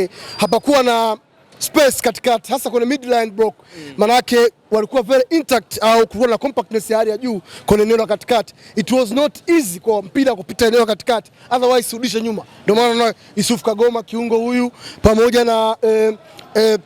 yake hapakuwa na space katikati hasa kwenye midline block mm. Manake walikuwa very intact au kulikuwa na compactness ya hali ya juu kwenye eneo la katikati. It was not easy kwa mpira kupita eneo la katikati, otherwise urudishe nyuma. Ndio maana na Yusuf Kagoma kiungo huyu pamoja na eh, eh,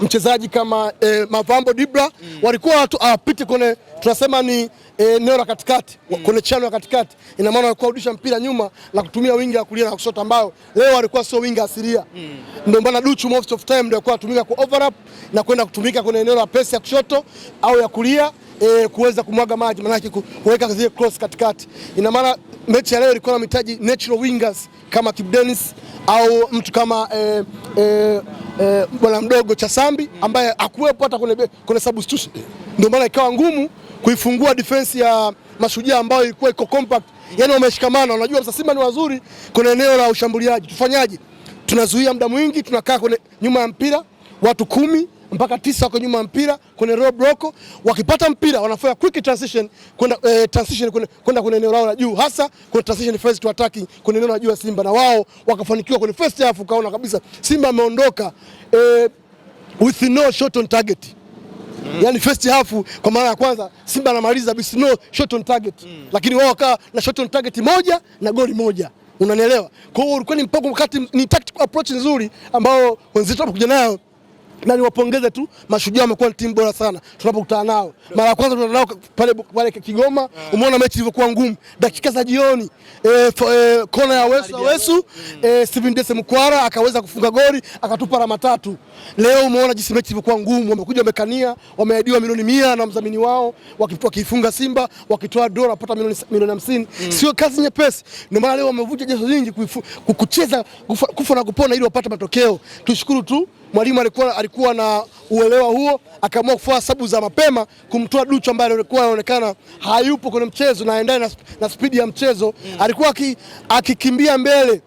mchezaji kama eh, Mavambo Dibra mm. walikuwa watu awapite ah, kwenye tunasema ni e, eneo la katikati mm. konechano ya katikati, ina maana walikuwa rudisha mpira nyuma na kutumia wingi wa kulia na kushoto, ambao leo walikuwa sio wingi asilia mm. ndio maana Duchu most of time ndio alikuwa anatumika kwa overlap na kwenda kutumika kwenye eneo la pesi ya kushoto au ya kulia E, kuweza kumwaga maji maana yake kuweka zile cross katikati. Ina maana mechi ya leo ilikuwa na mitaji natural wingers kama Kip Dennis au mtu kama e, e, e, bwana mdogo Chasambi mm. ambaye hakuwepo hata kwenye kwenye substitution, ndio maana ikawa ngumu kuifungua defense ya Mashujaa ambayo ilikuwa iko compact, yani wameshikamana. Unajua sasa Simba ni wazuri, kuna eneo la ushambuliaji. Tufanyaje? Tunazuia muda mwingi, tunakaa kwenye nyuma ya mpira, watu kumi mpaka tisa wako nyuma ya mpira kwenye row block. Wakipata mpira wanafanya quick transition kwenda eh, transition kwenda kwenye eneo lao la juu, hasa kwenye transition first to attack kwenye eneo la juu ya Simba, na wao wakafanikiwa kwenye first half, ukaona kabisa Simba ameondoka eh, with no shot on target mm Yani first half kwa mara ya kwanza Simba anamaliza no shot on target mm Lakini wao wakawa na shot on target moja na goli moja, unanielewa? Kwa hiyo ulikuwa ni mpango mkati, ni tactical approach nzuri ambao wenzetu hapo kuja nayo na niwapongeze tu, mashujaa wamekuwa ni timu bora sana tunapokutana nao. Mara ya kwanza tunakutana nao pale pale Kigoma, umeona mechi ilivyokuwa ngumu, dakika za jioni e, e, kona ya Wesu Wesu e, Steven Dese Mkwara akaweza kufunga goli akatupa alama tatu. Leo umeona jinsi mechi ilivyokuwa ngumu, wamekuja wamekania, wameahidiwa milioni mia na mdhamini wao, wakifunga Simba wakitoa dola wapata milioni milioni hamsini. Mm. Sio kazi nyepesi, ndio maana leo wamevuja jasho nyingi kucheza kufa na kupona ili wapate matokeo. Tushukuru tu mwalimu alikuwa, alikuwa na uelewa huo akaamua kufua sabu za mapema kumtoa Duchu ambaye alikuwa anaonekana hayupo kwenye mchezo na endaye na, na spidi ya mchezo mm. alikuwa akikimbia aki mbele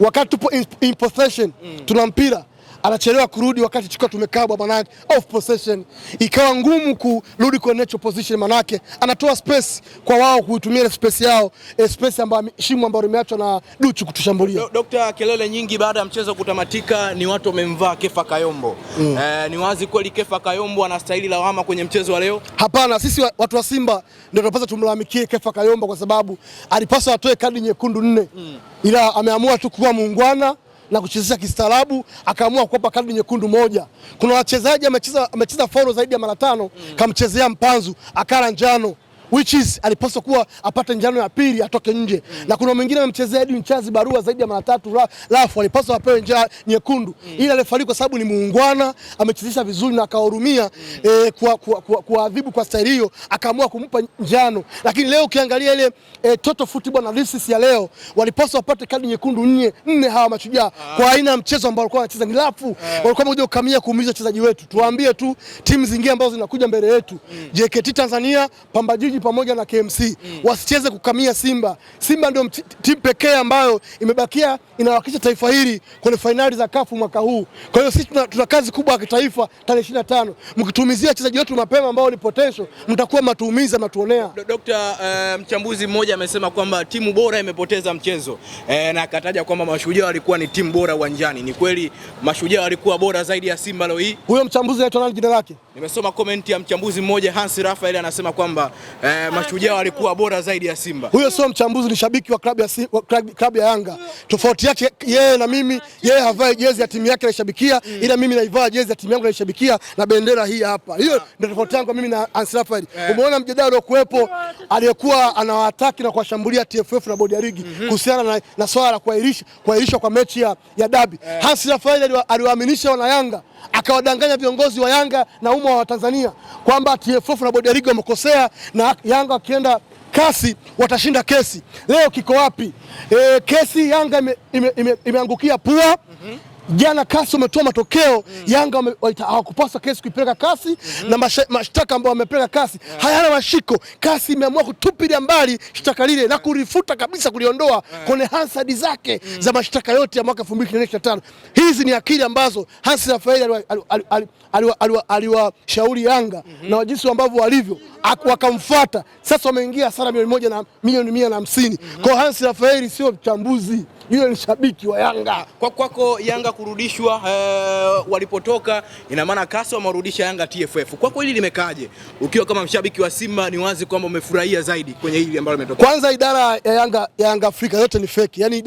wakati tupo in, in possession mm. tuna mpira anachelewa kurudi wakati chukua tumekabwa, manake off possession ikawa ngumu kurudi kwa natural position, manake anatoa space kwa wao kuitumia space yao, e, space ambayo shimo ambayo limeachwa na Duchu kutushambulia. Dokta, kelele nyingi baada ya mchezo kutamatika ni watu wamemvaa Kefa Kayombo mm. Eh, ni wazi kweli Kefa Kayombo anastahili lawama kwenye mchezo wa leo? Hapana, sisi watu wa Simba ndio tunapaswa tumlalamikie Kefa Kayombo kwa sababu alipaswa atoe kadi nyekundu nne mm. ila ameamua tu kuwa muungwana na kuchezesha kistaarabu, akaamua kuwapa kadi nyekundu moja. Kuna wachezaji amecheza amecheza faulo zaidi ya mara tano, mm. kamchezea mpanzu akala njano which is alipaswa kuwa apate njano ya pili atoke nje mm. na kuna mwingine amemchezea Edwin Chazi barua zaidi ya mara tatu rafu, alipaswa apewe njano nyekundu mm. ila refari kwa sababu ni muungwana amechezesha vizuri na akahurumia mm. eh, kuadhibu kwa kwa, kwa staili hiyo akaamua kumpa njano, lakini leo ukiangalia ile eh, total football analysis ya leo walipaswa wapate kadi nyekundu nne nne hawa mashujaa ah. kwa aina ya mchezo ambao walikuwa wanacheza ni rafu ah. Eh. walikuwa wamekuja kukamia kuumiza wachezaji wetu. Tuambie tu timu zingine ambazo zinakuja mbele yetu mm. JKT Tanzania, Pamba Jiji Jiji pamoja na KMC mm. wasicheze kukamia Simba. Simba ndio timu pekee ambayo imebakia inawakilisha taifa hili kwenye fainali za kafu mwaka huu. Kwa hiyo sisi tuna, tuna kazi kubwa ya kitaifa tarehe 25. Mkitumizia wachezaji wetu mapema ambao ni potential, mtakuwa matuumiza matuonea. Dokta uh, mchambuzi mmoja amesema kwamba timu bora imepoteza mchezo e, na akataja kwamba mashujaa walikuwa ni timu bora uwanjani. Ni kweli mashujaa walikuwa bora zaidi ya Simba leo hii. Huyo mchambuzi anaitwa nani jina lake? Nimesoma komenti ya mchambuzi mmoja Hans Rafael anasema kwamba eh, mashujaa walikuwa bora zaidi ya Simba. Huyo sio mchambuzi, ni shabiki wa klabu ya, si, klabu ya Yanga. Tofauti yake yeye na mimi, yeye havai jezi ya timu yake naishabikia, mm. ila mimi naivaa jezi ya timu yangu naishabikia na bendera hii hapa. Hiyo ah. ndio tofauti yangu mimi na Ansar Rafael. Eh. Umeona mjadala uliokuwepo aliyekuwa anawataki na kuwashambulia TFF na bodi ya ligi mm -hmm. kuhusiana na, na swala la kuahirisha kuahirisha kwa mechi ya, ya dabi yeah. Ansar Rafael aliwaaminisha wana Yanga akawadanganya viongozi wa Yanga na umma wa Tanzania kwamba TFF na bodi ya ligi wamekosea na Yanga wakienda kasi watashinda kesi. Leo kiko wapi? E, kesi Yanga imeangukia ime, ime, ime pua mm -hmm. Jana kasi wametoa matokeo mm. Yanga hawakupaswa kesi kuipeleka kasi mm -hmm. na mashtaka ambayo wamepeleka kasi yeah. hayana mashiko. Kasi imeamua kutupilia mbali shtaka lile na kulifuta kabisa, kuliondoa yeah. kwenye Hansard zake mm. za mashtaka yote ya mwaka 2025. Hizi ni akili ambazo Hans Rafaeli aliwashauri Yanga mm -hmm. na jinsi ambavyo walivyo wakamfuata. Sasa wameingia hasara milioni moja na milioni mia na hamsini mm -hmm. kwa Hansi Rafaeli sio mchambuzi, yule ni shabiki wa Yanga. Kwa kwako Yanga kurudishwa e, walipotoka, ina maana kasi wamerudisha Yanga TFF. Kwa kweli limekaaje? Ukiwa kama mshabiki wa Simba ni wazi kwamba umefurahia zaidi kwenye hili ambalo limetokea. Kwanza idara ya Yanga, ya Yanga Afrika yote ni fake. yaani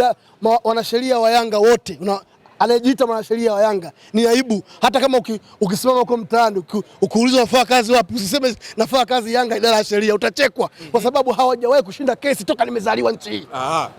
wanasheria wa Yanga wote una anayejiita mwanasheria wa Yanga ni aibu. Hata kama uki, ukisimama huko mtaani ukiulizwa nafaa kazi wapi, usiseme nafaa kazi Yanga idara ya sheria, utachekwa kwa mhm. sababu hawajawahi kushinda kesi toka nimezaliwa nchi hii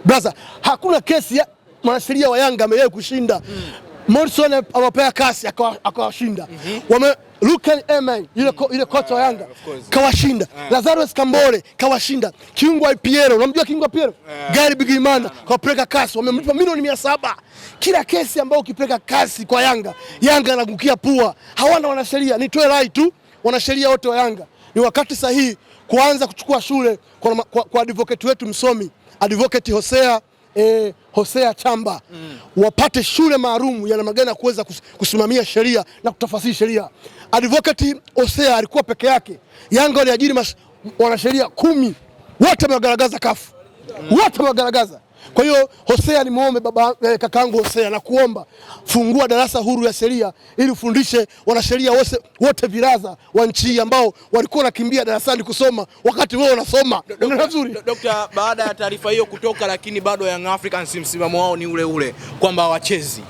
Brother, hakuna kesi ya mwanasheria wa Yanga amewahi kushinda mm. Morrison awapewa kasi akawashinda akawa mm -hmm. wame Lucan Emery yule mm. yule kocha wa Yanga kawashinda yeah. Lazarus Kambole kawashinda kiungo wa Piero, unamjua kiungo wa Piero yeah. Gary Bigimana yeah. kawapeleka kasi, wamemlipa milioni 700. Kila kesi ambayo ukipeleka kasi kwa Yanga, Yanga anagukia pua. Hawana wanasheria. Nitoe rai tu, wanasheria wote wa Yanga, ni wakati sahihi kuanza kuchukua shule kwa, kwa, kwa advocate wetu msomi advocate Hosea e, Hosea Chamba mm. wapate shule maalum ya namna gani ya kuweza kusimamia sheria na kutafasiri sheria. Advocate Hosea alikuwa peke yake. Yanga waliajiri wanasheria kumi, wote wamegaragaza kafu, mm. wote wamegaragaza kwa hiyo Hosea, nimwombe baba eh, kakaangu Hosea, nakuomba fungua darasa huru ya sheria ili ufundishe wanasheria wote, wote viraza wa nchi hii ambao walikuwa wanakimbia darasani kusoma wakati wewe unasoma. Nzuri Dokta, baada ya taarifa hiyo kutoka, lakini bado Young Africans msimamo wao ni ule ule kwamba hawachezi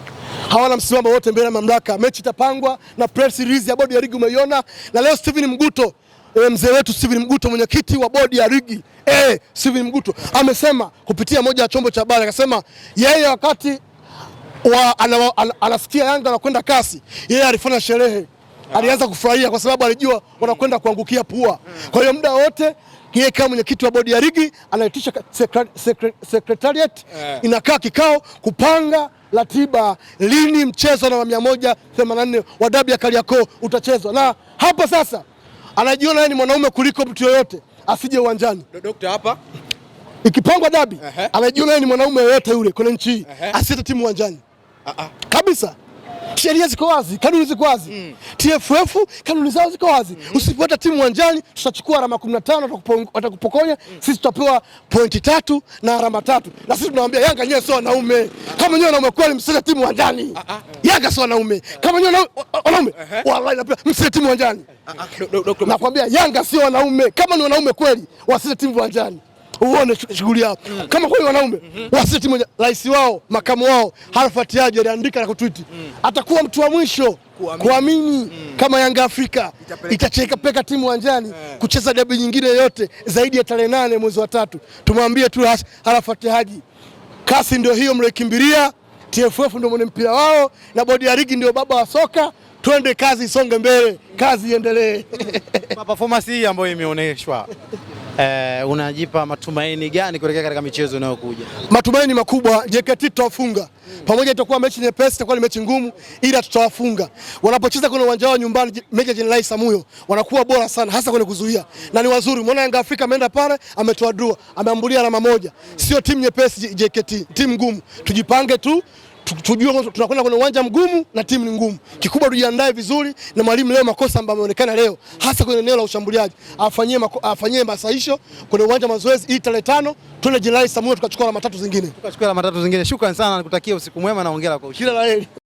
hawana msimamo wote mbele ya mamlaka. Mechi itapangwa na press release ya bodi ya ligi umeiona, na leo Steven Mguto E, mzee wetu Steven Mguto mwenyekiti wa bodi ya ligi e, Steven Mguto amesema kupitia moja ya chombo cha habari akasema yeye wakati wa, ana, anasikia Yanga anakwenda kasi, yeye alifanya sherehe, alianza kufurahia kwa sababu alijua wanakwenda kuangukia pua. Kwa hiyo muda wote yeye kama mwenyekiti wa bodi ya ligi anaitisha secretariat eh. inakaa kikao kupanga ratiba lini mchezo na 184 wa dabi ya Kariakoo utachezwa na hapa sasa anajiona ni mwanaume kuliko mtu yoyote, asije uwanjani. Dokta hapa ikipangwa dabi, anajiona ni mwanaume yoyote yule kwenye nchi hii, asiete timu uwanjani ah, ah. kabisa sheria ziko wazi, kanuni ziko wazi mm. TFF kanuni zao ziko wazi mm -hmm. Usipata timu uwanjani tutachukua alama 15 watakupokonya mm. Sisi tutapewa pointi tatu na alama tatu, na sisi tunawaambia Yanga nyewe sio wanaume kama nyewe wanaume kweli, msile timu uwanjani. Ah, ah, ah. Yanga sio wanaume kama nyewe wanaume, wallahi napenda msile timu uwanjani. Nakwambia Yanga sio wanaume, kama ni wanaume kweli wasile timu uwanjani uone shughuli yao mm. Kama kweli wanaume mm -hmm. wasiti mwenye rais wao, makamu wao Harfati Aji aliandika na kutwiti mm. atakuwa mtu wa mwisho kuamini mm. kama Yanga Afrika peka timu uwanjani yeah. kucheza dabi nyingine yote zaidi ya tarehe nane mwezi wa tatu. Tumwambie tu harafati Haji, kasi ndio hiyo mliokimbilia. TFF ndio mwenye mpira wao na bodi ya ligi ndio baba wa soka. Twende kazi, isonge mbele, kazi iendelee. Performance hii ambayo imeonyeshwa eh, unajipa matumaini gani kuelekea katika michezo inayokuja? Matumaini makubwa, JKT tutawafunga pamoja, itakuwa mechi nyepesi, itakuwa ni mechi ngumu, ila tutawafunga. Wanapocheza kwenye uwanja wao nyumbani, Meja Jenerali Samuyo, wanakuwa bora sana, hasa kwenye kuzuia na ni wazuri. Umeona Yanga Afrika ameenda pale, ametoa draw, ameambulia alama moja. Sio timu nyepesi JKT, timu ngumu, tujipange tu tujue tunakwenda kwenye uwanja mgumu na timu ni ngumu. Kikubwa tujiandae vizuri, na mwalimu leo makosa ambayo ameonekana leo hasa kwenye eneo la ushambuliaji afanyie afanyie masahisho kwenye uwanja wa mazoezi ili tarehe tano twende Julai Samuel tukachukua alama tatu zingine, tukachukua alama tatu zingine. Shukrani sana, nikutakia usiku mwema na hongera kwa ushindi. Kila la heri.